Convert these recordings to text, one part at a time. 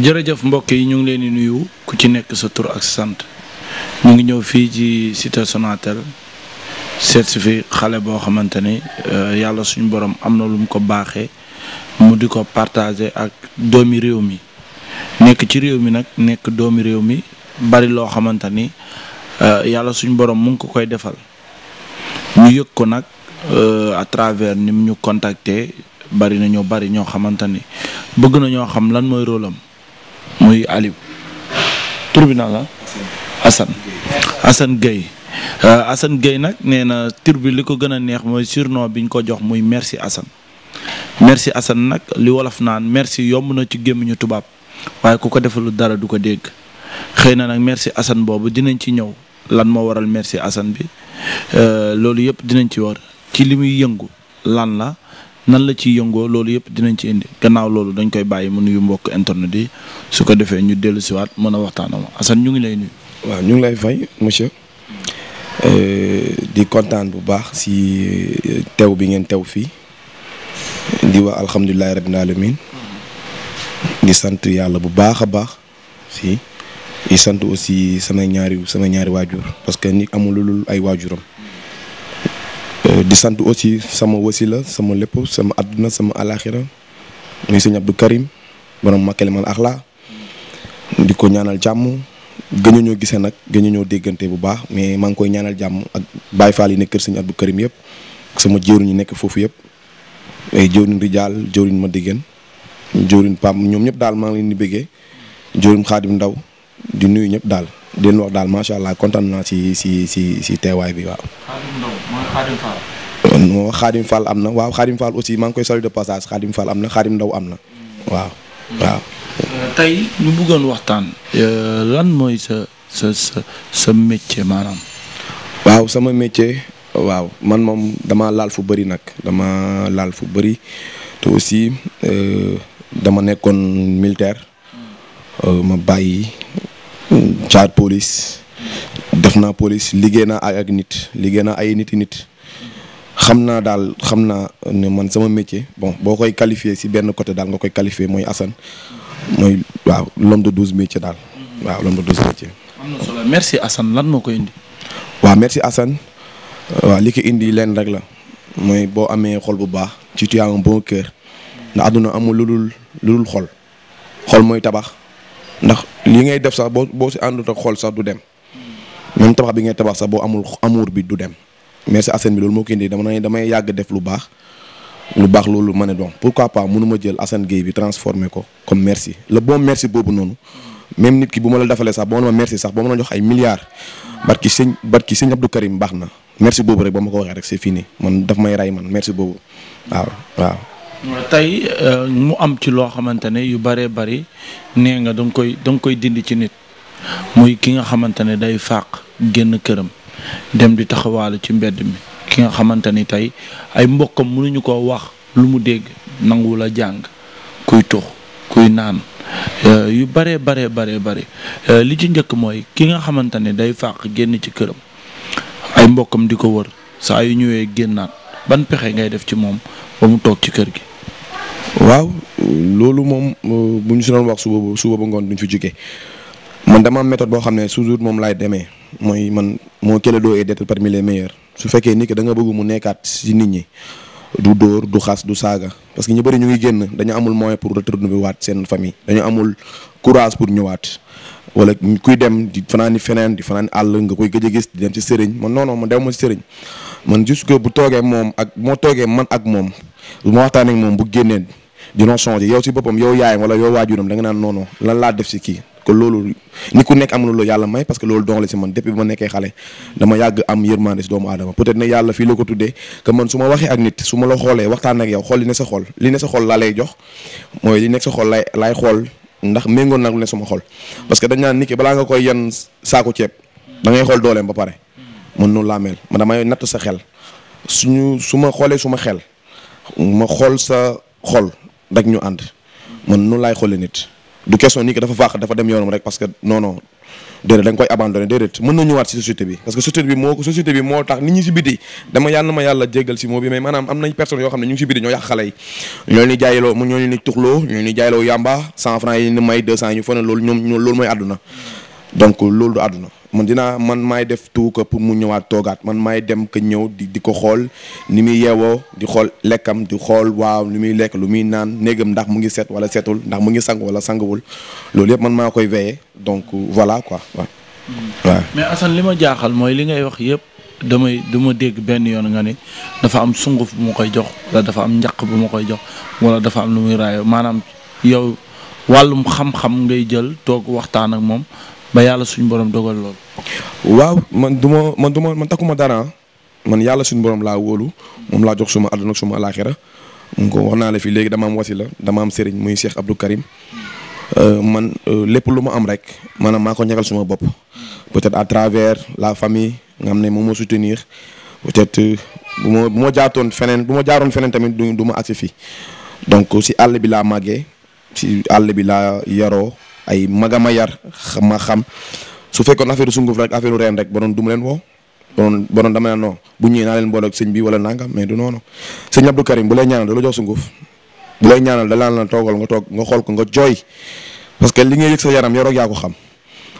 jërëjëf mbokk yi ñu ngi leen di nuyu ku ci nekk sa tur ak sant ñu ngi ñëw fii ci cité Sonatel seet xale boo xamante ni euh, yàlla suñu borom am na lu mu ko baaxee mu di ko partagé ak doomi réew mi nekk ci réew mi nag nekk doomi réew mi bari loo xamante ni euh, yàlla suñu borom mu ngi ko koy defal ñu yëg ko nag euh, à travers ni mu ñu contacter bari na bari ñoo xamante ni bëgg na ñoo xam lan mooy rôle am muy Aliou tur la assan assan Gueye euh, assan Gueye nag nee na tur bi li ko gën a neex mooy surnom bi ñu ko jox muy merci assan merci assan nag li wolof naan merci yomb na ci gémmiñu tubaab waaye ku ko defalu dara du ko dégg xëy na nag merci assan boobu dinañ ci ñëw lan moo waral merci assan bi euh, loolu yëpp dinañ ci war ci li muy yëngu lan la nan la ciy yëngoo loolu yëpp dinañ ci indi gannaaw loolu dañ koy bàyyi mu nuyu mbokk internet yi su ko defee ñu dellu siwaat mën a waxtaan ak Assane ñu ngi lay nuyu. waaw ñu ngi lay fay monsieur euh, di kontaan bu baax si euh, tew bi ngeen teew fii di wax alhamdulilah rabbil alamin di sant yàlla bu baax a baax si di sant aussi sama ñaari sama ñaari waajur parce que nit amul lu ay waajuram. Euh, di sant aussi sama wasila sama lépp sama àdduna sama alaxira muy sëñ Abdou Karim borom Makalima ak la di ko ñaanal jàmm gëñu gisee nag gëñu ñoo déggante bu baax mais maa ngi koy ñaanal jàmm ak baay Fall yi ne kër sëñ Abdou Karim yëpp sama jëwriñ ñi nekk foofu yëpp ay eh, jëwriñ Rijaal jëwriñ ma diggéen jëwriñ Pam ñoom ñëpp daal maa ngi leen di bëggee jëwriñ Xaadim Ndaw di nuyu ñëpp daal di daal macha allah kontaan naa si si si si teewaay bi waaw. Xaadim Fall. non am na waaw Xaadim Fall aussi maa ngi koy saluer de passage Xaadim Fall am na Xaadim Ndaw am na waaw waaw. Euh, tey ñu bëggoon waxtaan. Euh, lan mooy sa sa sa sa métier maanaam. waaw sama métier. waaw man moom dama laal fu bëri nag dama laal fu bari te aussi euh, dama nekkoon militaire ma bàyyi jaar police def naa police liggéey naa ay ak nit liggéey naa ay nit i nit xam naa daal xam naa ne man sama métier bon boo koy qualifier si benn côté daal nga koy qualifier mooy Assane mooy waaw l'homme de douze métiers daal waaw l'homme de merci Assane lan moo koy indi. waaw merci Assane waaw li ko indi leen rek la mooy boo amee xol bu baax ci tu as kër ndax àdduna amul lu dul lu dul xol xol mooy tabax ndax li ngay def sax boo boo si àndut ak xol sax du dem. même tabax bi ngay tabax sax boo amul amour bi du dem mais si Assane bi loolu moo koy indi dama ne damay yàgg def lu baax lu baax loolu ma ne donc pourquoi pas mënuma jël Assane Gueye bi transformé ko comme merci la boo merci boobu noonu même nit ki bu ma la defalee sax ba ma merci sax ba ma la jox ay milliards barki sëñ barki sëñ Abdou Karim baax na merci boobu rek ba ma ko waxee rek c'est fini man daf may rey man merci boobu waaw waaw. tey euh, mu am ci loo xamante ne yu bëree bari nee nga danga koy danga koy dindi ci nit. muy ki nga xamante ne day fàq génn këram dem di taxawaale ci mbedd mi ki nga xamante ni tey ay mbokkam mënuñu ko wax lu mu dégg nangu la jàng kuy tux kuy naan euh, yu bare bare bare bare euh, li ci njëkk mooy ki nga xamante ne day fàq génn ci këram ay mbokkam di ko wër saa yu ñëwee génnaat ban pexe ngay def ci moom ba mu toog ci kër gi waaw loolu moom euh, bu ñu si doon wax suba ba suba ba ngoon duñ fi jóge man dama am méthode boo xam ne toujours moom laay demee mooy man moo kële doo et d'être parmi les meilleurs su fekkee nit ki da nga bëgg mu nekkaat si nit ñi du dóor du xas du saaga parce que ñu bëri ñu ngi génn dañu amul moyen pour retourner bi waat seen famille dañu amul courage pour ñëwaat wala kuy dem di fanaani feneen di fanaani àll nga koy gëj a gis di dem ci sëriñ man non non man dem ma ci sëriñ man juste que bu toogee moom ak moo toogee man ak moom bu ma moom bu génnee dina changé yow si boppam yow yaayam wala yow waajuram da nga naan non non lan laa def si kii ko loolu ni ku nekk am na loolu yàlla may parce que loolu don la man depuis bi ma nekkee xale dama yàgg am yërmande si doomu aadama peut-être ne yàlla fii la ko tuddee que man su ma waxee ak nit su ma la xoolee waxtaan ak yow xool li ne sa xol li ne sa xol laa lay jox mooy li nekk sa xol laay xool ndax méngoon nag lu ne sama xol parce que dañ naan ki balaa nga yan saako ceeb da ngay xool dooleem ba pare man noonu laa mel man damay natt sa xel suñu su ma xoolee su ma xel ma xool sa xool rek ñu ànd man noonu laay xoolee nit du question nii que dafa faax dafa dem yoonam rek parce que non non déedéet da nga koy abandonné déedéet mën na ñëwaat si société bi parce que société bi moo société bi moo tax nit ñi si biti dama yàlla na ma yàlla jéggal si moo bi mais maanaam am nañ personnes yoo xam ne ñu ngi si biti ñoo yàq xale yi ñoo ni jaayloo ñoo ni tuxloo ñoo ni jaayloo yàmba cent franc may deux cent yi ñu fa loolu ñoom loolu mooy àdduna donc loolu du man dinaa man maay def tout ko pour mu ñëwaat toogaat man maay dem que ñëw di di ko xool ni muy yeewoo di xool lekkam di xool waaw lu muy lekk lu muy naan néegam ndax mu ngi seet wala seetul ndax mu ngi sang wala wul loolu yëpp man maa koy veiller donc voilà quoi waaw. Mm. mais Assane li ma jaaxal mooy li ngay wax yëpp damay du ma dégg benn yoon nga ni dafa am sunguf bu ma koy jox wala dafa am njaq bu ma koy jox wala dafa am lu muy raayoo maanaam yow wàllum xam-xam ngay jël toog waxtaan ak moom. ba yàlla suñ borom dogal lool. waaw man du ma man du ma man takkuma dara man yàlla suñu borom laa woolu moom laa jox suma àdduna ak suma alaaxira ko wax naa la fi léegi dama am wasila dama am sëriñ muy Cheikh Abdou Karim euh, man euh, lépp lu ma am rek maanaam maa ko suma bopp peut-être à travers la famille nga xam ne moom moo soutenir peut-être euh, bu moo bu ma jaatoon feneen bu ma jaaroon feneen tamit du du ma agsi fii donc si àll bi laa màggee si àll bi laa yaroo. ay magama yar ma xam su fekkoon affaire sunguf rek affaire reen rek ba doon du mu leen woo bonoon bonoon dama ne non bu ñëwee naa leen boole sëñ bi wala nangam mais du noonu sëñ Abdou Karim bu lay ñaanal da la jox sunguf bu ñaanal da laan la toogal nga toog nga xool ko nga jooy parce que li ngay yëg sa yaram yoroo yaa ko xam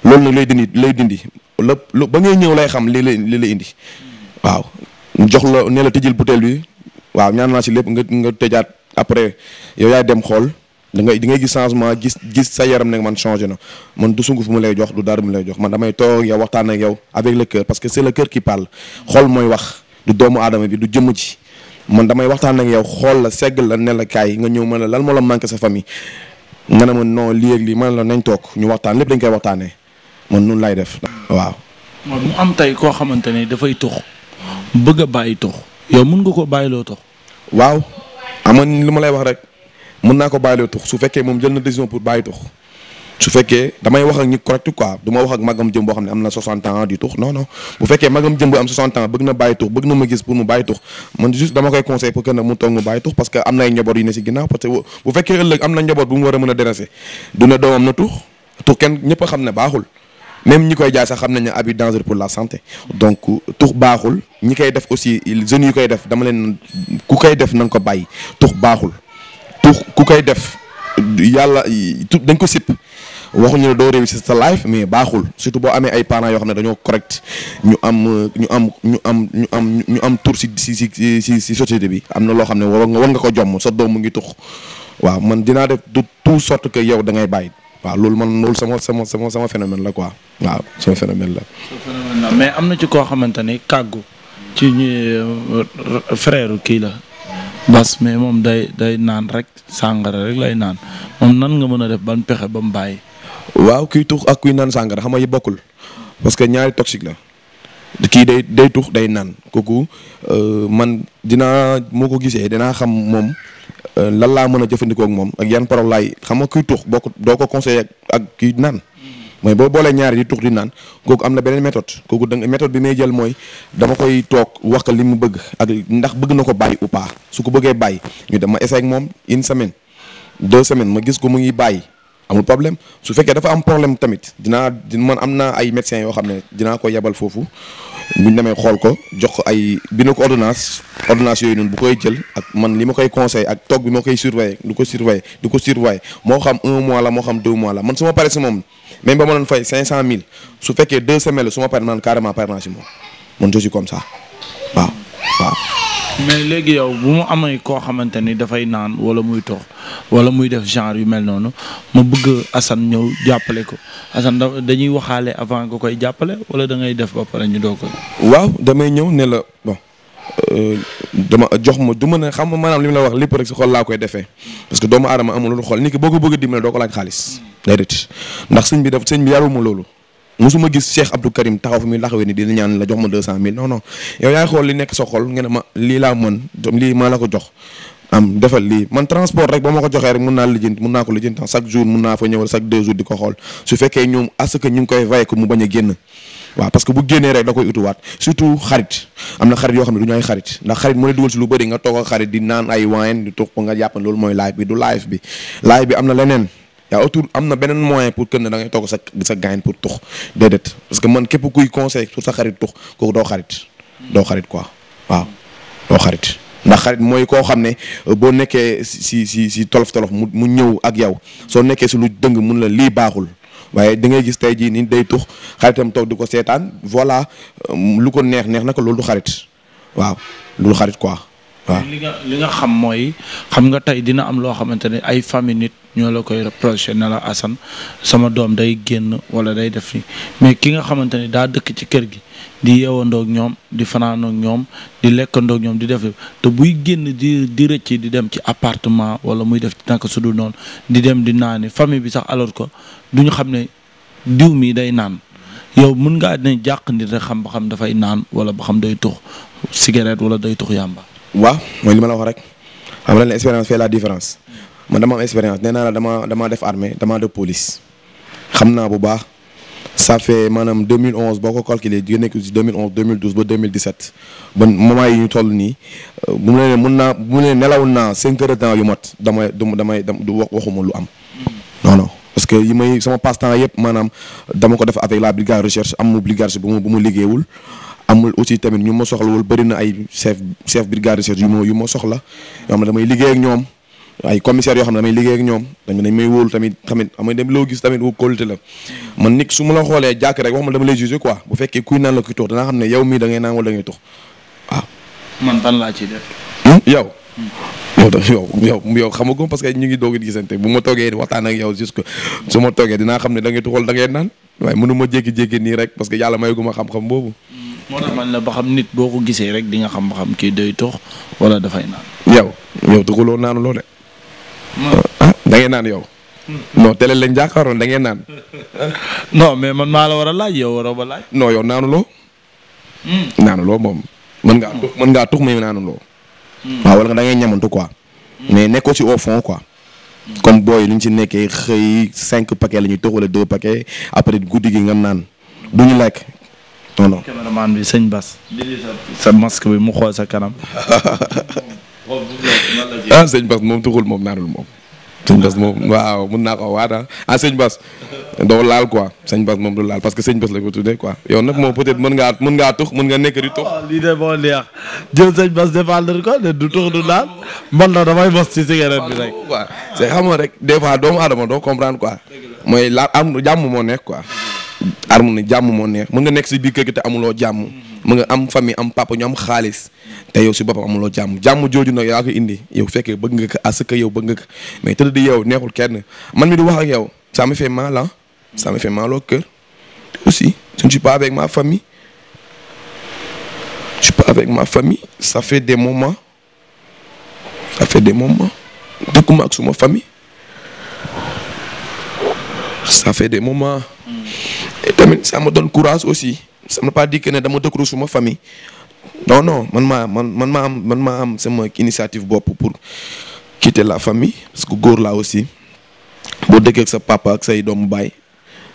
loolu nag lay dindi lay dindi lépp lu ba ngay ñëw lay xam li lay li lay indi waaw jox la ne la tëjil butéel bi waaw ñaan naa si lépp nga nga tëjaat après yow yaay dem xool da ngay di ngay gis changement gis gis sa yaram ne man changé na man du sunguf mu lay jox du dara mu lay jox man damay toog yow waxtaan ak yow avec le cœur parce que c'est le cœur qui parle xool mooy wax du doomu aadama bi du jëmm ci man damay waxtaan ak yow xool la segg la nelakaay la nga ñëw ma la lan moo la manqué sa famille nga ne ma non lii ak man la nañ toog ñu waxtaan dañ koy waxtaanee man noonu lay def waaw. mu am tey koo xamante ne dafay tux bëgg a bàyyi tux yow mun nga ko bàyyiloo tux. waaw amoon lu ma lay wax rek. mun naa ko bàyyiloo tux su fekkee moom jël na décision pour bàyyi tux su fekkee damay wax ak ñi correct quoi du ma wax magam jëm boo xam ne am na 60 ans di tux non non bu fekkee magam jëm bu am 60 ans bëgg na bàyyi a a déranger du ne ne baaxul même ñi koy jaay sax xam nañ ne abus dangereux pour la santé donc tux baaxul ñi koy def aussi jeunes yu koy def dama leen ku koy def na nga ko bàyyi tux baaxul ku ku koy def yàlla dañ ko sip waxuñu ne doo réussir sa life mais baaxul surtout boo amee ay parents yoo xam ne dañoo correct ñu am ñu am ñu am ñu am ñu am tour si si si si si société bi am na loo xam ne war nga war nga ko jomm sa doom mu ngi tux waaw man dinaa def de toute sorte que yow da ngay bàyyi waaw loolu man loolu sama sama sama sama phénomène la quoi waaw sama phénomène la. phénomène mais am na ci koo xamante ne kàggu ci ñi euh, frère kii la. bas mais moom day day naan rek sàngara rek lay naan moom nan nga mën a def ban pexe ba mu bàyyi. waaw kii tux ak kuy naan sàngara xama nga yi bokkul parce que ñaari toxique la kii day day tux day naan kooku euh, man dinaa moo ko gisee dinaa xam moom euh, lan laa mën a jëfandikoo moom ak yan parole laay xam nga kuy tux boo doo ko conseillé ak kuy naan. mooy boo boolee ñaari di tux di naan kooku am na beneen méthode kooku da méthode bi may jël mooy dama koy toog wax ko li mu bëgg ak ndax bëgg na ko bàyyi ou pas su ko bëggee bàyyi ñu dem ma essayé ak moom une semaine deux semaine ma gis ko mu ngi bàyyi amul problème su fekkee dafa am problème tamit dinaa di man am naa ay médecins yoo xam ne dinaa ko yebal foofu buñ demee xool ko jox ko ay bi na ko ordonnance ordonnance yooyu noonu bu koy jël ak man li ma koy conseil ak toog bi ma koy surveiller du ko surveiller du ko surveiller moo xam un mois la moo xam deux mois la man su ma paree si moom même ba ma doon fay cinq cent mille su fekkee deux semaines la su ma paree man carrément pare naa si moom man je comme ça mais léegi yow bu mu amee koo xamante ni dafay naan wala muy tox wala muy def genre yu mel noonu ma bëgg Assane ñëw jàppale ko Assane dañuy waxaale avant nga koy jàppale wala da ngay def ba pare ñu doo ko. waaw damay ñëw ne la bon euh, dama jox ma du mën a xam maanaam li ma la wax lépp rek si xol laa koy defee parce que doomu aadama amul lu xol ni ki boo ko bëgg a dimbale doo ko laaj xaalis. déedéet ndax sëñ bi daf sëñ bi yaruma loolu. musuma gis Cheikh Abdou Karim taxaw fi muy laxawee ni dina ñaan la jox ma deux cent mille non yow yaay xool li nekk sa xol nga ma lii laa mën lii maa la ko jox am defal lii man transport rek ba ma ko joxee rek mun naa lijjanti mun naa ko lijjanti chaque jour mun naa fa ñëwal chaque deux jours di ko xool su fekkee ñoom à ce ñu koy vaye ko mu bañ a génn waaw parce que bu génnee rek da koy utuwaat surtout xarit am na xarit yoo xam ne du ñu ay xarit ndax xarit moo lay dugal si lu bëri nga toog ak xarit di naan ay wine di toog ko nga jàpp bi du na leneen yaa autour am na beneen moyen pour que ne da ngay toog sa sa gaañ pour tux déedéet parce que man képp kuy conseil pour sa xarit tux kooku doo xarit doo xarit quoi waaw doo xarit ndax xarit mooy koo xam ne euh, boo nekkee si si si tolof tolof mu mu ñëw ak yow soo nekkee si lu dëng mun la lii baaxul waaye da ngay gis tey jii nii day tux xaritam toog di ko seetaan voilà euh, lu ko neex neex na ko loolu xarit waaw loolu xarit quoi. waaw li nga li nga xam mooy xam nga tey dina am loo xamante ne ay famille nit ñoo la koy reproché ne la sama doom day génn wala day def ni mais ki nga xamante ne daa dëkk ci kër gi di yeewandoo ñoom di fanaanoo ñoom di lekkandoo ñoom di def te buy génn di di rëcc di dem ci appartement wala muy def naka su noon di dem di naani famille bi sax alors ko du ñu xam ne diw mii day naan. yow mën ngaa ne jàq nit rek xam ba xam dafay naan wala ba xam day tux cigarette wala day tux yàmba waaw mooy li ma la wax rek xam nga expérience fait la différence ma dama am expérience nee naa la dama damaa def armée dama def police xam naa bu baax ça fait maanaam 2011 boo ko calculé di nekk ci 2011 2012 ba 2017 ba moment yi ñu toll nii euh, bu mu ne mun naa bu mu ne nelawul naa 5 heures de temps yu mat damay du damay du waxuma lu am non non parce que yi may sama passe temps yëpp maanaam dama ko def avec la brigade recherche am mu brigade bu mu bu mu liggéeyul amul aussi tamit ñu ma soxla wala bëri na ay chef chef brigade de recherche yu ma yu yoo xam ne damay liggéey ak ñoom ay commissaires yoo xam ne damay liggéey ak ñoom dañ dañ may tamit tamit amay loo gis tamit wu la man nit su ma la xoolee jàkk rek wax ma dama lay jugé quoi bu fekkee kuy xam ne yow mii da ngay naan wala da ngay tox hmm? yow. Hmm. yow da yow yow yow xam nga parce ngi doog a ma toogee waxtaan ak yow jusque su ma xam ne da ngay tuxal da ngay naan waaye mënu ma jékki nii rek parce que yàlla may gu ma xam-xam boobu moo tax man la ba xam nit boo ko gisee rek di nga xam ba xam kii day tox wala dafay naan. yow yow tukuloo naanu loo de. ah da ngay naan yow. non télé lañ jàkkaaroon da ngeen naan. non mais man maa la war a laaj yow waroo ba laaj. non yow naanuloo. Hmm. naanuloo moom mën ngaa tux mën ngaa tux mais naanuloo. waaw hmm. ah, wala dangay da ngay ñamantu quoi. Hmm. mais nekkoo ci au fond quoi. comme booy li ñu ci nekkee xëy cinq paquets la ñuy tux wala deux paquets après guddi gi nga naan du ñu lekk non non. caméraman bi sëñ Bas. sa masque bi mu xool sa kanam. ah sëñ Bas moom tuxul moom moom. sëñ moom waaw mun naa ko waata ah. ah sëñ laal quoi sëñ moom du laal parce que sëñ la ko tuddee quoi yow nag moom peut-être mën ngaa mën nga nekk ah, moo neex jël sëñ Bas défendre ko ne du tux du laal man la damay mos ci cigarette bi rek. waaw c'est xam nga rek des fois doomu aadama doo comprendre quoi. mooy la am jàmm moo nekk quoi. arme na jàmm moo neex mën nga nekk si biir kër gi amuloo jàmm mën nga am famille am papa ñu am xaalis te yow si boppam amuloo jàmm jàmm jooju nag yaa indi yow fekkee bëgg nga ko à ce que yow bëgg nga ko mais tëdd di yow neexul kenn man mi di wax ak yow ça me fait mal ah ça me fait mal au cœur avec ma famille je suis pas avec ma famille ça fait des moments ça fait des ak suma famille ça fait des tamit ça me donne courage aussi ça ne pas dire que ne dama dëkkru suma famille non non man maa man man maa am man maa am sama initiative bopp pour quitter la famille parce góor laa aussi boo dëkkee sa papa ak say doomu baay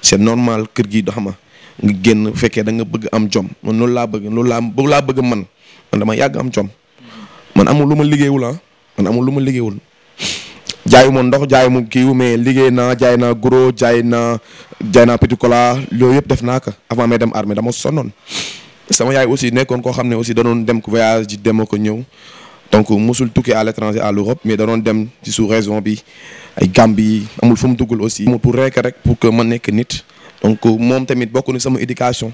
c'est normal kër gi doxama nga génn fekkee da nga bëgg am jom man loolu laa bëgg loolu laa loolu laa bëgg man man dama yàgg am jom man amul lu ma liggéeyul ah man amul lu ma liggéeyul jaayu ma ndox jaayu ma kii mais liggéey naa jaay naa goro jaay naa jaay naa petit loolu yëpp def naa ko avant may dem armée dama sonnoon. sama yaay aussi nekkoon koo xam ne aussi danoon dem ko voyage ji dem ko ñëw donc mosul tukki à l'étranger mais danoon dem ci sous raison bi ay Gambie amul fu mu duggul aussi. amul pour rek pour que ma nekk nit. donc moom tamit bokk na sama éducation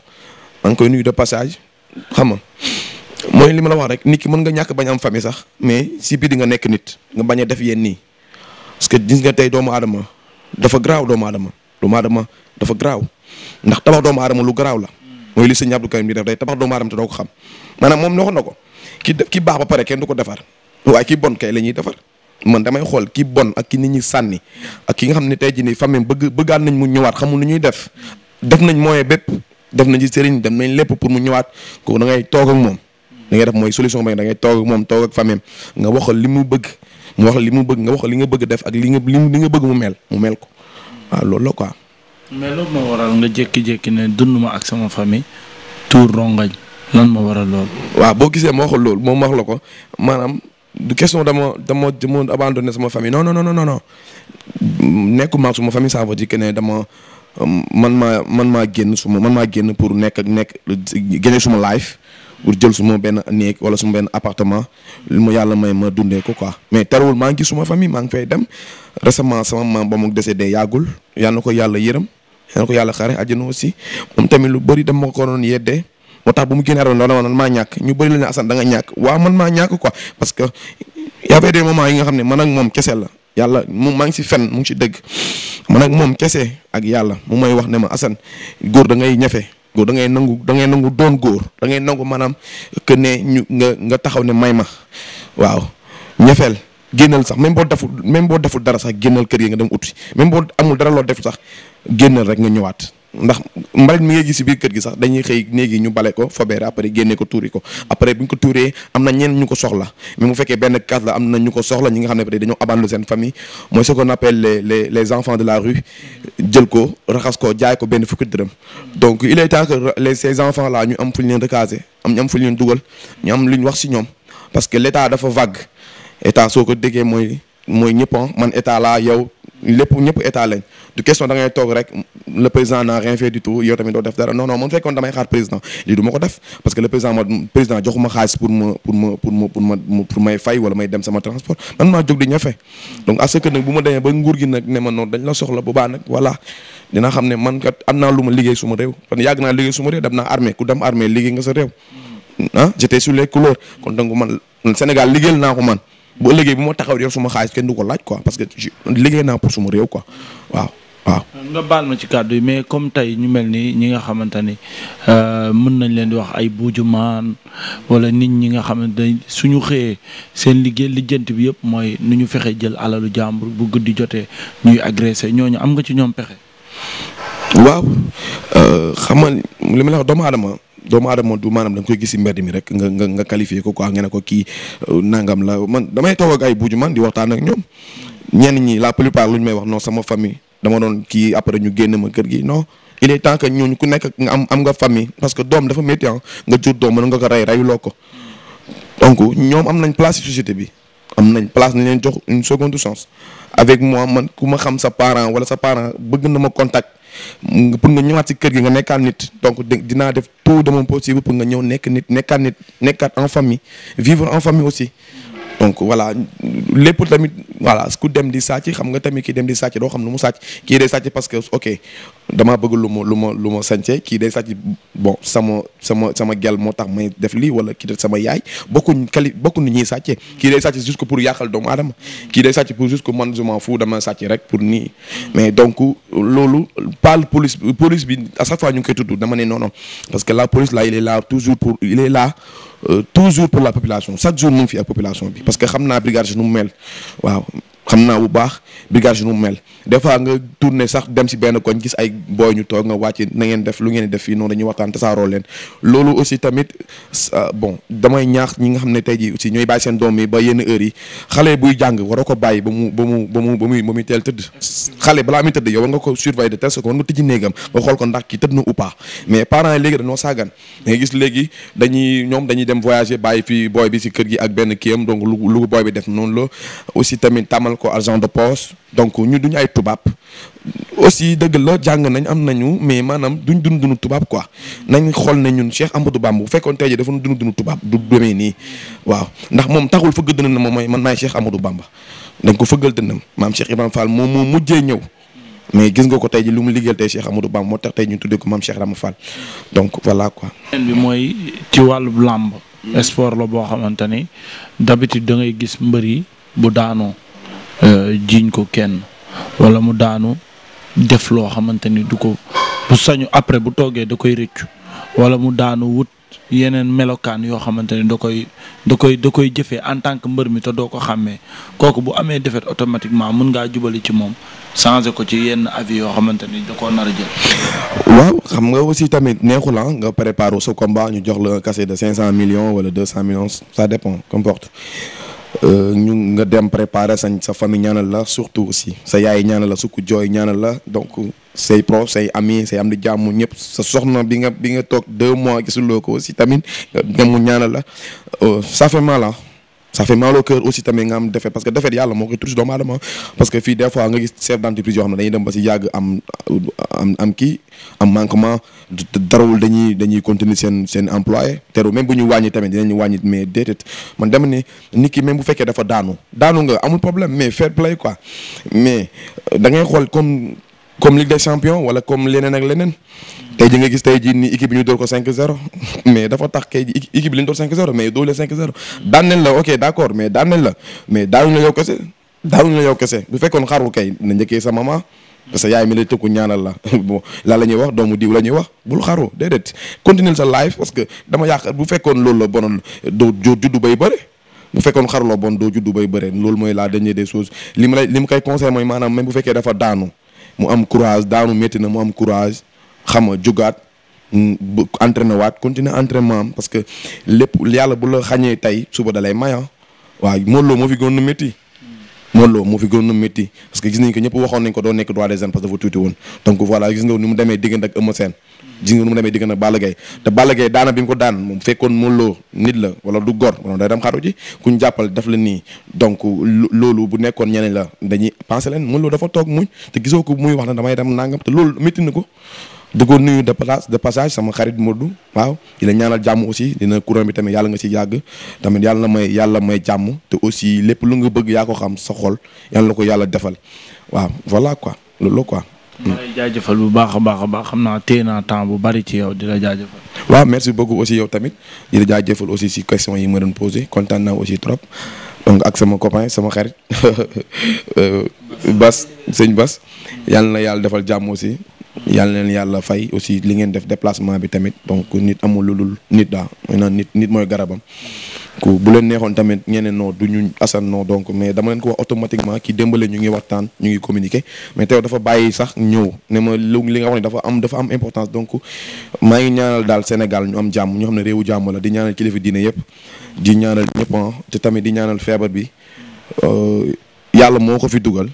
maa koy nuyu de passage xam nga mooy li ma la wax rek nit ki mën nga ñàkk bañ am famille sax mais si biir di nga nekk nit nga bañ a def yéen nii. parce que gis nga tey doomu aadama dafa garaaw doomu aadama doomu aadama dafa garaaw ndax tabax doomu aadama lu garaaw la mooy li sa Abdou Karim di day tabax doomu aadama te doo xam maanaam moom waxoon na ko ki ki baax ba pare kenn du ko defar waaye ki bon kay la ñuy defar man damay xool ki bon ak ki nit ñi sànni ak ki nga xam ne tey jii nii famille bëgg bëggaat nañ mu ñëwaat xamul nu ñuy def def nañ moyen bépp def nañ ci dem nañ lépp pour mu ñëwaat ko da ngay toog ak moom. li ngay def mooy solution bi da ngay toog ak moom toog ak famille nga wax li mu bëgg. mu wax li mu bëgg nga wax li nga bëgg def ak li nga li nga bëgg mu mel mu mel ko waaw lool la quoi. mais loolu moo waral nga jékki-jékki ne dund ma ak sama famille tuur rongañ noonu ma waral lool. waaw boo gisee ma waxul loolu moom wax la ko maanaam du question dama dama dama abandonné sama famille non non non non non nekkuma ak suma famille ça veut dire que ne dama man maa man maa génn suma man maa génn pour nekk ak nekk génne suma life pour jël suma benn néeg wala suma benn appartement ma yàlla may ma dundee ko quoi mais terewul maa ngi suma famille maa ngi fay dem récemment sama maam ba mu décédé na ko yàlla yërëm yal yàlla xare àjjana aussi moom tamit lu bëri dama ko doon yeddee moo tax bu mu génn àdduna da maa ñàkk ñu bëri la ne Assane da nga ñàkk waaw man maa ñàkk quoi parce que y avait des yi nga xam ne man ak moom kese la yàlla moom maa ngi si fen mu ngi si dëgg man ak moom kese ak yàlla mu may wax ne ma Assane góor da ñafe góor da ngay nangu da ngay nangu doon góor dangay nangu maanaam que ne ñu nga nga taxaw ne may ma waaw ñefeel génnal sax même boo deful même boo deful dara sax génnal kër yi nga dem uti même boo amul dara loo def sax génnal rek nga ñëwaat ndax mbalit mi ngay gis si biir kër gi sax dañuy xëy néegi ñu bale ko fobeere après génne ko tuuri ko après bu ñu ko tuuree am na ñeen ñu ko soxla mais mu fekkee benn case la am na ñu ko soxla ñi nga xam ne peut-être dañoo abandonné seen famille mooy ce qu'on appelle les les les enfants la rue jël ko raxas ko jaay ko benn fukki dërëm donc il est les ces enfants là ñu am fu ñu leen am ñu am fu ñu leen dugal ñu am lu ñu wax si ñoom parce que l'état dafa vague état soo ko déggee mooy mooy ñëpp ah man état laa yow lépp ñëpp état lañ du question da ngay toog rek le président n'a rien fait du tout yow doo def dara non non man fekkoon damay xaar président lii du ma ko def parce que le président ma président joxuma xaalis pour ma pour ma pour ma pour ma pour may fay wala may dem sama transport man maa jóg di ñafe donc à ce que nag bu ma demee ba nguur gi nag ne ma noonu dañ la soxla bu baax nag voilà dinaa xam ne man kat am naa lu ma liggéey suma réew kon yàgg naa liggéey suma réew dem na armée ku dem armée liggéey nga sa réew ah j'étais sur kon donc man Sénégal liggéeyal naa ko man bu ëllëgee bi ma taxaw yor suma xaalis kenn du ko laaj quoi parce que liggéey naa pour suma réew ko waaw waaw. nga baal ma ci kàddu yi mais comme tey ñu mel ni ñi nga xamante ni euh, mën nañ leen di wax ay buujumaan wala nit ñi nga xamante ni suñu xëyee seen liggéey lijjanti bi yëpp mooy nu ñu fexe jël alalu jàmbur bu guddi jotee ñuy agressé ñooñu am nga ci ñoom pexe. waaw euh, xam nga li ma la wax doomu aadama doomu aadama du maanaam da nga koy gis si mbedd mi rek nga nga nga ko quoi nga ne ko kii euh, nangam la man damay toog buuju man di waxtaan ak ñoom ñenn ñi la plupart lu ñu may wax non sama famille dama doon kii après ñu génn ma kër gi non il que ñooñu ku nekk nga am am nga que doom dafa métti ah. nga jur doom mën nga ko rey reyuloo ko donc ñoom am nañ place ci société bi am nañ place nañ leen jox une seconde chance avec moi man ku ma xam sa parent wala sa parent bëgg na ma contact. pour nga ñëwaat si kër gi nga nekkaat nit donc dinaa def tout de mon possible pour nga ñëw nekk nit nekkaat nit nekkaat en famille vivre en famille aussi donc voilà lépp tamit voilà ku dem di sàcc xam nga tamit ki dem di sàcc doo xam lu mu sàcc kii day sàcc parce que ok damaa bëgg lu lu ma lu ma sànce kii day sàcc bon sama sama sama gel moo tax may def lii wala kii de sama yaay bokkuñ kali bokkuñ ñuy sàccee kii day sàcc juste pour yàqal doomu aadama kii day sàcc pour juste que man je m'en dama sàcc rek pour nii mais donc loolu pal police police bi a chaque fois ñu ngi koy tudd dama ne non parce que la police là il est toujours pour il est Euh, toujours pour la population chaque jour mu ngi fi ak population bi parce que xam naa brigade nu mu mel waaw xam naa bu baax brigade nu mu mel fois nga tourné sax dem si benn koñ gis ay booy ñu toog nga ngeen def lu ngeen def fii noonu dañuy waxtaan tasaaroo leen loolu aussi tamit bon damay ñaax ñi nga xam ne tey jii aussi ñooy bàyyi seen doom yi ba yenn heures yi xale buy jàng waroo ko bàyyi ba mu mu ba mu ba muy xale balaa muy tëdd yow war nga ko surveiller de test ko war nga tëj néegam nga xool ko ndax ki tëdd na ou pas mais parents yi léegi dañoo sàggan nga gis léegi dañuy ñoom dañuy dem voyager bàyyi fii booy bi si kër gi ak benn kii kiyam donc lu lu booy bi def noonu la aussi tamit tàmmal ko argent de poche donc ñu duñu ay tubaab aussi dëgg la jàng nañ am nañu mais maanaam duñ dund tubaab quoi nañ xool ne ñun Cheikh Amadou Bamba bu fekkoon tey jii dund tubaab du demee nii waaw ndax moom taxul fëgg dënam ne moom mooy man maay Cheikh Amadou Bamba dañ ko fëggal dënam maam Cheikh Ibrahima Fall moom moo mujjee ñëw mais gis nga ko tey ji lu mu liggéeyal tey Cheikh Amadou Bamba moo tax tey ñu tuddee ko maam Cheikh Rama Fall donc voilà quoi. beneen bi mooy ci wàllu làmb sport la boo xamante ni d'habitude da ngay gis mbër yi bu daanoo. Euh, jiiñ ko kenn wala mu daanu def loo xamante ni du ko bu sañu après bu toogee da koy rëccu wala mu daanu wut yeneen melokaan yoo xamante ni da koy da koy da koy jëfee en tant que mbër mi te doo ko xàmmee kooku bu amee defet automatiquement mën ngaa jubale ci moom changé ko ci yenn avis yoo xamante ni da koo nar a jël. waaw xam nga aussi tamit neexul ah nga préparé sa combat ñu jox la cachet de 500 millions wala deux cent millions ça dépend qu'importe Euh, ñu nga dem préparer sañ sa famille ñaanal la surtout aussi sa yaay ñaanal la sukk jooy ñaanal la donc say prof say ami say am di jàmm ñëpp sa soxna bi nga bi nga toog deux mois gisuloo ko aussi tamit nga mu ñaanal la euh, ça fait mal ça fait mal au cœur aussi tamit nga am défaite parce que défaite yàlla moo koy touché doomu aadama parce que fii des fois nga gis chef d'entreprise yoo xam ne dañuy dem ba si yàgg am am am kii am darawul dañuy dañuy continuer seen seen employé teru même bu ñu wàññi tamit dinañu wàññi mais déedéet man dem ne nit ki même bu fekkee dafa daanu daanu nga amul problème mais fair play quoi mais euh, da ngay xool comme comme Ligue des champions wala comme leneen ak leneen tey ji nga gis tey ji ni équipe bi ñu door ko 5-0 mais dafa tax kay ji équipe bi la ñu door 5-0 mais doole 5-0 daan nañ la ok d' mais daan la mais kese daawuñu la yow kese bu fekkoon xaru kay na njëkkee sa maman parce que la la la ñuy wax doomu diw la ñuy wax bul xaru déedéet continuer sa live parce que dama yaakaar bu fekkoon loolu la bonoon doo juddu bay bëri bu fekkoon xaruloo bon doo juddu bay bëre loolu mooy la dernière des choses li ma lay li koy conseil mooy maanaam même bu fekkee dafa daanu mu am courage daanu métti na mu am courage xam nga jugaat mm, bu entraîné waat continuer entraînement am parce que lépp yàlla bu la xañee tey suba da lay may ah waaw Modou Lo moo fi gën a métti. Modou fi gën a métti parce que gis nañ ko ñëpp waxoon nañ ko doo nekk droit des jeunes parce que dafa tuuti woon donc voilà gis nga ni mu demee diggante ak Eumeu Sène. gis nga ni mu demee diggante ak Balla Gaye te Balla Gaye daana bi mu ko daan moom fekkoon Modou Lo nit la wala du gor wala day dem xaru ji ku ñu jàppal def la nii donc loolu bu nekkoon ñeneen la dañuy pensé leen Modou dafa toog muñ te gisoo ko muy wax na damay dem nangam te loolu métti na ko. di ko nuyu de place passage sama xarit Modou waaw di la ñaanal jàmm aussi dina courant bi tamit yàlla nga si yàgg tamit yàlla may yàlla may jàmm te aussi lépp lu nga bëgg yaa ko xam sa xol yàlla la ko yàlla defal waaw voilà quoi loolu quoi. ma lay jaajëfal bu baax a baax a baax xam naa téye naa temps bu bari ci yow di la jaajëfal. waaw merci beaucoup aussi yow tamit di la jaajëfal aussi si question yi ma doon posé kontaan aussi trop donc ak sama copain sama xarit euh, Bas sëñ Bas yàlla na yàlla defal jàmm aussi. yàlla leen yàlla fay aussi li ngeen def déplacement bi tamit donc nit amul lu dul nit daa mooy naan nit nit mooy garabam. ku bu leen neexoon tamit ñeneen non du ñu assan non donc mais dama leen ko wax automatiquement ñu ngi waxtaan ñu ngi communiquer mais dafa bàyyi sax ñëw ne ma lu li nga wax ne dafa am dafa am importance donc maa ngi ñaanal daal Sénégal ñu am jàmm ñu xam ne réewu jàmm la di ñaanal kilifa diine yëpp di ñaanal ñëpp ah. te tamit di ñaanal feebar bi euh, yàlla moo ko fi dugal.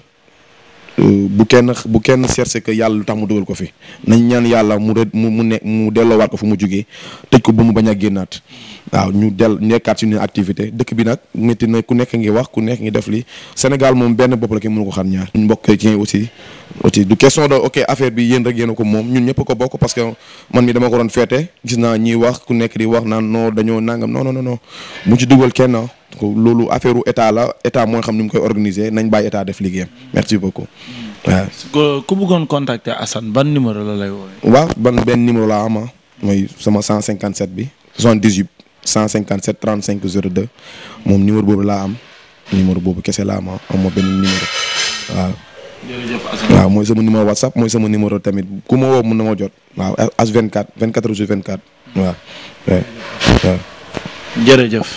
bu kenn bu kenn cherché ko yàlla lu tax mu dugal ko fi nañ ñaan yàlla mu mu mu ne mu delloowaat ko fu mu jugee tëj ko ba mu bañ a génnaat waaw ñu del nekkaat suñu activité dëkk bi nag métti na ku nekk ngi wax ku nekk ngi def li Sénégal moom benn bopp la ki mënu ko xam ñaar mbokk chrétien aussi aussi du question de ok affaire bi yéen rek yéen ko moom ñun ñëpp ko bokk parce que man mi dama ko doon feete gis naa ñiy wax ku nekk di wax naan non dañoo nangam non non non mu ci dugal kenn ah. loolu affaire état la état mooy xam ni mu koy organiser nañ bàyyi état def liggéeyam merci beaucoup. waaw ku buggoon contacter assan ban numéro la lay woowee. waaw ban benn numéro la ama ah. mooy sama 157 bi 78 157 35 02 moom numéro boobu laa am numéro boobu kese laa am ah. am ma benn numéro waaw. mooy sama numéro WhatsApp mooy sama numéro tamit ku ma woo mën na ma jot waaw H24 24 jours 24 waaw waaw. jërëjëf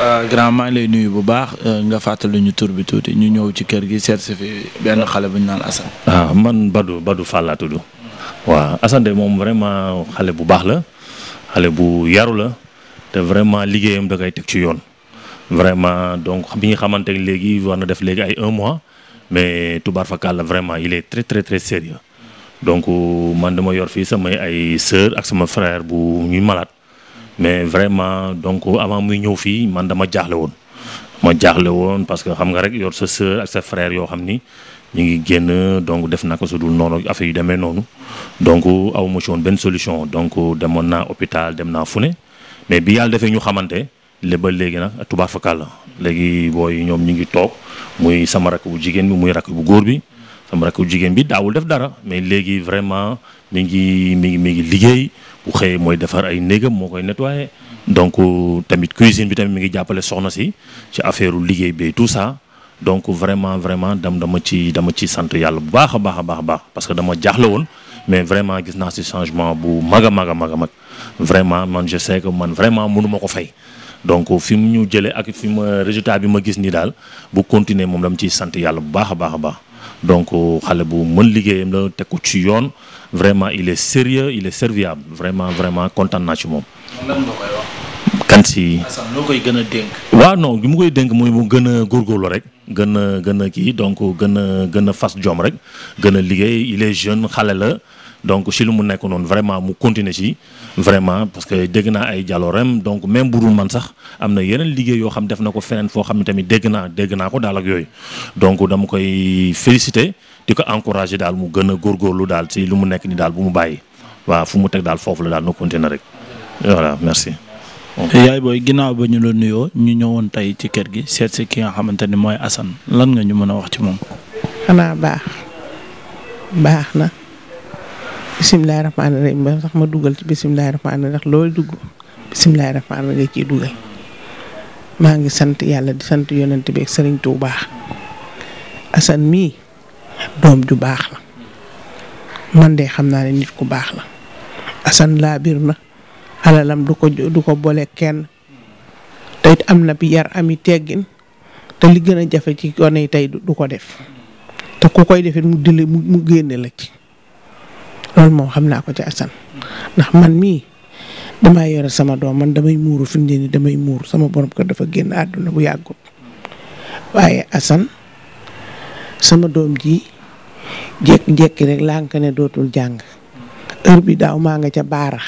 euh, grand maa ngi lay nuyu bu baax euh, nga fàttali ñu tur bi tuuti ñu ñëw ci kër gi certifié benn xale bu ñu naan Assane. Ah, man Badou Badou Fall du tudd waaw Assane de moom vraiment xale bu baax la xale bu yaru la te vraiment liggéeyam da koy teg ci yoon vraiment donc bi nga xamante léegi war na def léegi ay un mois mais tubaar fakal la vraiment il est très très très sérieux donc euh, man dama yor fii samay ay sœur ak sama frère bu ñuy malaat mais vraiment donc avant muy ñëw fii man dama jaaxle woon ma jaaxle woon parce que xam nga rek yor sa sœur ak sa frère yoo xam ni ñu ngi génn donc def na ko su dul noonu affaire yu demee noonu donc aw ma ci woon solution donc demoon naa hôpital dem naa fune mais bi yàlla defee ñu xamante le ba léegi nag tubaab fakal la léegi booy ñoom ñu ngi toog muy sama rakk bu jigéen bi muy rakk bu góor bi sama rakk bu jigéen bi daawul def dara mais léegi vraiment mi ngi mi ngi mi ngi liggéey. bu xëyee mooy defar ay néegam moo koy nettoyer donc euh, tamit cuisine bi tamit mi ngi jàppale soxna si ci affaire liggéey bi tout ça donc vraiment vraiment dam dama ci dama ci sant yàlla bu baax a baax a baax baax parce que dama jaaxle woon mais vraiment gis naa si changement bu mag a mag a mag a mag vraiment man je sais que man vraiment mënuma ko fay donc euh, fi mu ñu jëlee ak fi ma résultat bi ma gis nii daal bu continuer moom dama ciy sant yàlla bu baax a baax a baax donc euh, xale bu mën liggéeyam la teg ci yoon vraiment il est sérieux il est serviable vraiment vraiment kontaan naa ci moom. kan si. Assane gën a dénk. waaw non mu koy dénk mooy mu gën a góorgóorlu rek. gën a gën kii donc gën a gën a fas jom rek gën a liggéey il est jeune xale la. donc si lu mu nekk noonu vraiment mu continuer ci vraiment parce que dégg naa ay rem donc même bu dul man sax am na yeneen liggéey yoo xam def na ko feneen foo xam ni tamit dégg naa dégg naa ko daal ak yooyu donc dama koy féliciter di ko encouragé daal mu gën a góorgóorlu daal ci lu mu nekk ni daal bu mu bàyyi waa fu mu teg daal foofu la daal na continuer rek merci. yaay booy ginnaaw ba ñu la nuyoo ñu ñëwoon tey ci kër gi seet si ki nga xamante ni mooy Assane lan nga ñu mën a wax ci moom. xanaa baax baax na bisimilah rahmaani rahiim ba sax ma dugal ci bisimilah rahmaani rahiim ndax loolu dugg bisimilah rahmaani rahiim nga ciy dugal. maa ngi sant yàlla di sant yonent bi ak Serigne Touba Assane mii. doom ju baax la man de xam naa ne nit ku baax la Assane laa biir na alalam du ko du ko boole kenn te am na bi yar ami teggin te li gën a jafe ci gone yi tey du ko def te ku koy defit mu dili mu génne la ci loolu moom xam naa ko ci Assane ndax man mii damay yore sama doom man damay muur fi mu ne damay muur sama borom kër dafa génn àdduna bu yàggut waaye Assane sama doom ji jékki-jékki rek lànk ne dootul jàng heure bi daaw maa nga ca baara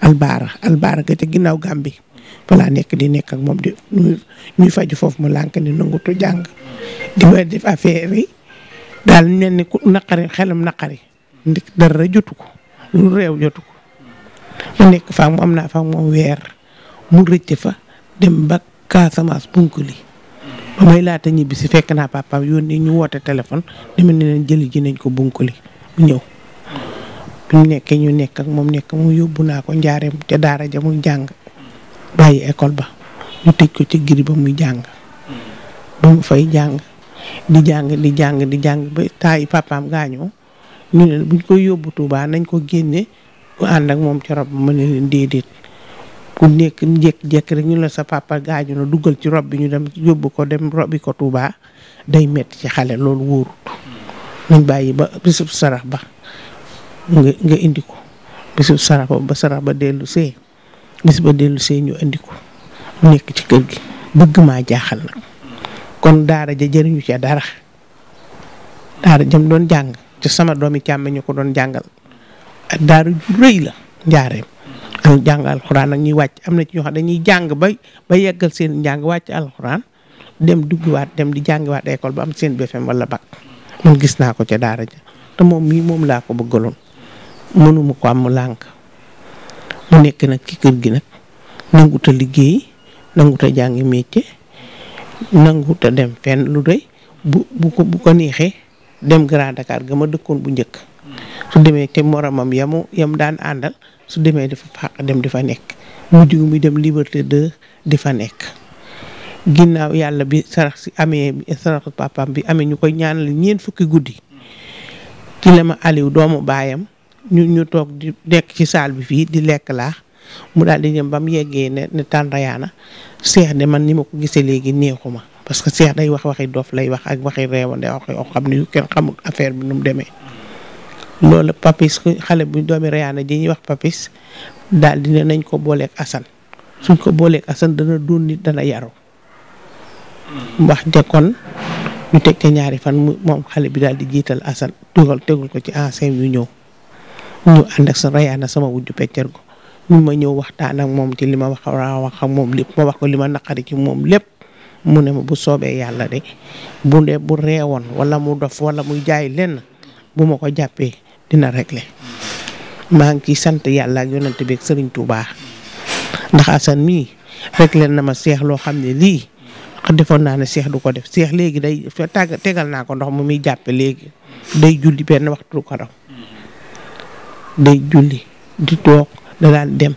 albaara albaara ga ca ginnaaw Gàmbi balaa nekk di nekk moom di ñuy faju foofu mu lànk ne nangutu jàng di ba def affaire daal mel ni ku naqari xelam naqari ndik dara jotu ko lu réew jotu ko nekk fa mu naa fa moom weer mu rëcc fa dem ba Casamance bunkuli ba may laata ñibbi si fekk naa papaam yónni ñu woote téléphone dama ni leen jëli ji nañ ko bunkuli mu ñëw. bu ñu nekkee ñu nekk ak moom nekk mu yóbbu naa ko njaareem ca daara ja muy jàng bàyyi école ba ñu teg ko ci giri ba muy jàng. ba mu fay jàng di jàng di jàng di jàng ba taayu papaam gaañoo ñu ne buñ ko yóbbu Tuubaa nañ ko génne bu ànd ak moom ci rob ma ne leen ku nekk njekk-jekk rek ñu la sa papa gaañu na duggal ci rob bi ñu dem yóbbu ko dem robi ko Touba day metti ci xale loolu wóorut nañ bàyyi ba bisub sarax ba nga nga indi ko bisub sarax ba ba sarax ba dellu see bis ba dellu see ñu indi ko mu nekk ci kër gi bëgg maa jaaxal na kon daar ja jëriñu ca dara daara jëm doon jàng ci sama doomi càmm ñu ko doon jàngal daara ju la njaareem am jàng alxuraan ak ñuy wàcc am na ci ñoo xam dañuy jàng ba ba yeggal seen njàng wàcc alxuraan dem duggiwaat dem di jàngiwaat école ba am seen BFEM wala bac man gis naa ko ca daara ja te moom mii moom laa ko bëggaloon mënuma ko am mu lànk mu nekk nag ci kër gi nag nanguta liggéey nanguta jàngi métier nanguta dem fenn lu rëy bu bu ko bu ko neexee dem Grand Dakar ga ma dëkkoon bu njëkk su demee te moromam yamu yam daan àndal su demee dafa fàq dem di fa nekk mujj gi muy dem liberté de di fa nekk. ginnaaw yàlla bi sarax si amee saraxu pàppam bi amee ñu koy ñaanal ñeent fukki guddi ci la ma Aliou doomu baayam ñu ñu toog di nekk ci saal bi fii di lekk laax mu daal di dem ba yeggee ne ne tàndayaana seex de man ni ma ko gisee léegi neexu ma parce que seex day wax waxi dof lay wax ak waxi réewande wax xam ne kenn xamul affaire bi nu mu demee. loolu papis xale bu doomi Rihanna ji ñuy wax papis daal di ne nañ ko booleeg asan suñ ko booleeg asan dana doon nit dana yaru wax de kon ñu teg ca ñaari fan moom xale bi daal di jiital asan dugal tegul ko ci ancien yu ñëw ñu ànd ak sa sama wujju peccer ko mu ma ñëw waxtaan ak moom ci li ma wax wax ko li ma naqari ci moom lépp mu ne ma bu soobee yàlla de bu dee bu reewoon wala mu dof wala muy jaay lenn bu ma ko jàppee dina réglé maa ngi ciy sant yàlla ak yonent bi ak Serigne Touba ndax Assane mii réglé na ma seex loo xam ne lii defoon naa ne seex du ko def seex léegi day tàgg tegal naa ko ndox mu muy jàppe léegi day julli benn waxtu ko raw day julli di toog da daan dem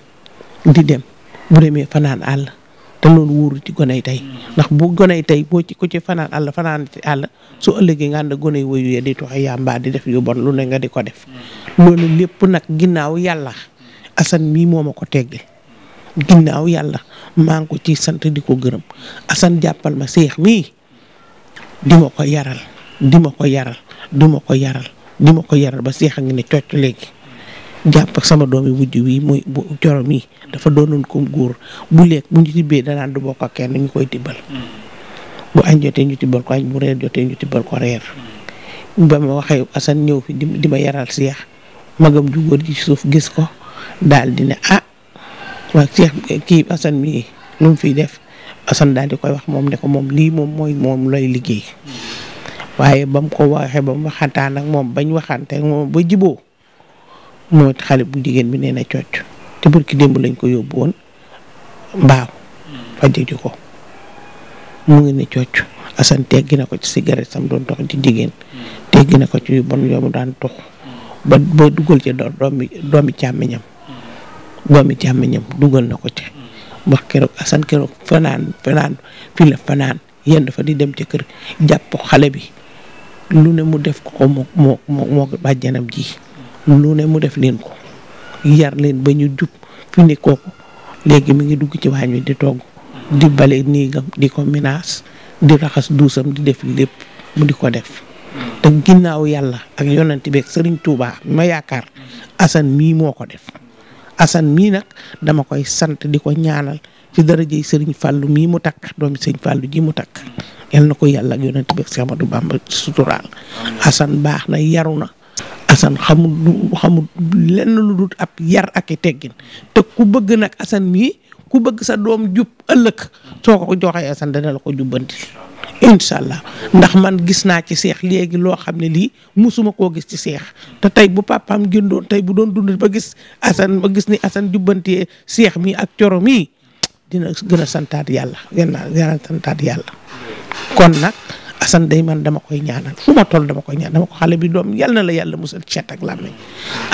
di dem bu demee fanaan àll. te loolu wóorul ci goney tey ndax bu goney tey boo ci ku ci fanaan àll fanaan ci àll su ëllëgee nga ànd goney wayu yee di tox yàmbaa di def yu bon lu ne nga di ko def loolu lépp nag ginnaaw yàlla Assane mii moo ma ko tegge ginnaaw yàlla maa ngi ko ci sant di ko gërëm Assane jàppal ma seex mii di ma ko yaral di ma ko yaral di ma ko yaral ko yaral ba seex a ngi ne cocc léegi jàpp sama doom yi wujj wi muy jorom yi dafa doonoon ko góor bu lekk bu ñu tibbee danaan du bokk ak kenn ñu koy tibbal bu añ jotee ñu tibbal ko añ bu reer jotee ñu tibbal ko reer ba ma waxee Assane ñëw fi di ma yaral Seex magam ju góor ji ci suuf gis ko daal di ne ah waa Seex kii Assane mi lu mu fiy def Assane daal di koy wax moom ne ko moom lii moom mooy moom lay liggéey waaye ba mu ko waxee ba mu waxataan ak bañ waxante moom ba jiboo mooy xale bu jigéen bi nee na cocc te burki démb lañ ko yóbbu woon mbaaw faje ju ko mu ngi ne cocc teggi na ko ci cigarette sam doon dox di jigéen teggi na ko ci daan tux ba ba dugal ci doomi doomi càmmiñam doomi càmmiñam dugal na ko ci wax keroog asan keroog fanaan fanaan fanaan yéen dafa di dem ci kër jàpp xale bi lu ne mu def ko ko moo moo moo ji lu ne mu def leen ko yar leen ba ñu jub fi ni kooku léegi mi ngi dugg ci waañ wi di togg di bale néegam di ko minaas di raxas duusam di def lépp mu di ko def te ginnaaw yàlla ak yonanti beeg sëriñ Touba ma yaakaar mii moo ko def Assane mii nag dama koy sant di ko ñaanal ci darajey sëriñ Fàllu mii mu takk doom sëriñ Fàllu ji mu takk yal na ko yàlla ak yonanti beeg Seex Ahmadu Bamba suturaal Assane baax na yaru na Assane xamul xamul lenn lu dul ab yar ak i teggin te ku bëgg nag Assane mii ku bëgg sa doom jub ëllëg soo ko joxee Assane dana la ko jubbanti incha allah ndax man gis naa ci seex léegi loo xam ne lii musuma koo gis ci seex te tey bu papaam gëndoon tey bu doon dund ba gis Assane ba gis ni Assane jubbantee seex mi ak coro mii dina gën a santaat yàlla gën a santaat yàlla kon nag Assane day man dama koy ñaanal fu ma tol dama koy ñaan dama ko xale bi doom yal na la yàlla musal cet ak làmmiñ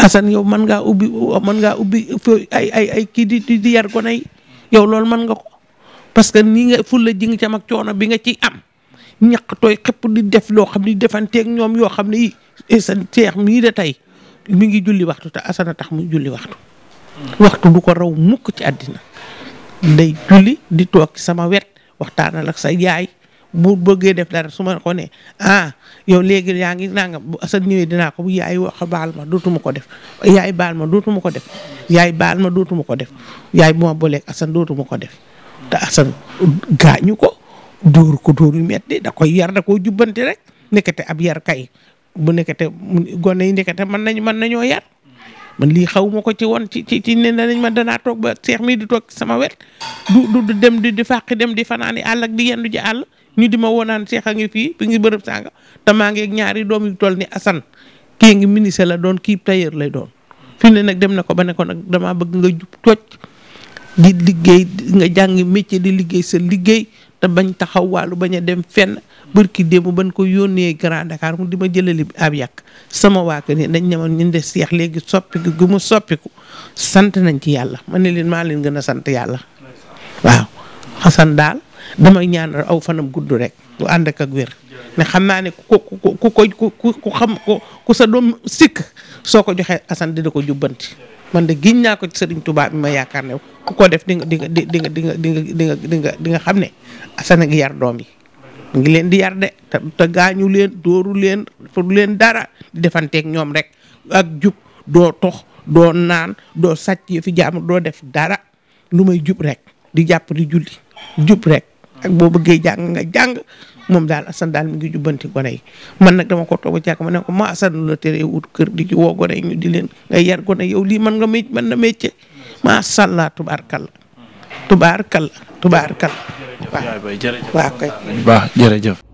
Assane yow man ngaa ubbi mën ngaa ubbi ay ay ay kii di yar gone yi yow loolu mën nga ko parce que nii nga fulla ji nga ci am ak coono bi nga ciy am ñaq tooy di def loo xam ni defanteeg ñoom yoo xam ne i seen seex mii de tey mi ngi julli waxtu te Assane tax mu julli waxtu waxtu du ko raw mukk ci àddina day julli di toog ci sama wet waxtaanal la sa yaay bu bëggee def dara su ma ko ne ah yow léegi yaa ngi nga bu asal ñëwee dinaa ko bu yaay wax baal ma dootuma ko def yaay baal ma dootuma ko def yaay baal ma dootuma ko def yaay bu ma booleeg asan dootuma ko def te asan gaañu ko dóor ko dóor yu metti da koy yar da koo jubbanti rek nekkate ab yar kay bu nekete gone yi nekkate mën nañ mën nañoo yar man lii xawuma ko ci woon ci ci ci ne nañ ma danaa toog ba seex mi di toog sama wet du du dem di di dem di fanaani àll ak di yendu ji àll ñu di ma wonaan Cheikh fii bi ngi bërëb sànga te maa ñaari doom yu toll ni Assane kii ngi ministre la doon kii tailleur lay doon fi ne nag dem na ko ba ne ko nag damaa bëgg nga jub toj di liggéey nga jàngi métier di liggéey sa liggéey te bañ taxaw wàllu bañ a dem fenn bërki démb ban ko yónnee Grand Dakar mu di ma jëlali ab yàq sama waa kër ni dañ ñemoon ñu de seex léegi soppiku gu mu soppiku sant nañ ci yàlla ma ne leen maa leen gën a sant yàlla damay ñaanal aw fanam gudd rek bu ànd ak ak wér xam naa ne ku ku ku ko ku xam ko ku sa doom sikk soo ko joxee Assane dina ko jubbanti man de giñ naa ko ci Serigne tubaab ma yaakaar ne ku ko def di nga di nga di nga di nga di nga xam ne Assane a yar doom yi mu ngi leen di yar de te gaañu leen dóoru leen pour leen dara di defanteeg ñoom rek ak jub doo tox doo naan doo sàcc yi fi jaamu doo def dara lu may jub rek di jàpp di julli jub rek. ak boo bëggee jàng nga jàng moom daal Assane daal mi ngi jubbanti gone yi man nag a ko toog ba jàkk ma ne ko ma Assane la tere wut kër di ci woo gone yi ñu di leen nga yar gone yow lii man nga mën mën na métier macha allah tubaarkalla tubaarkalla tubaarkalla waaw waaw kay baax jërëjëf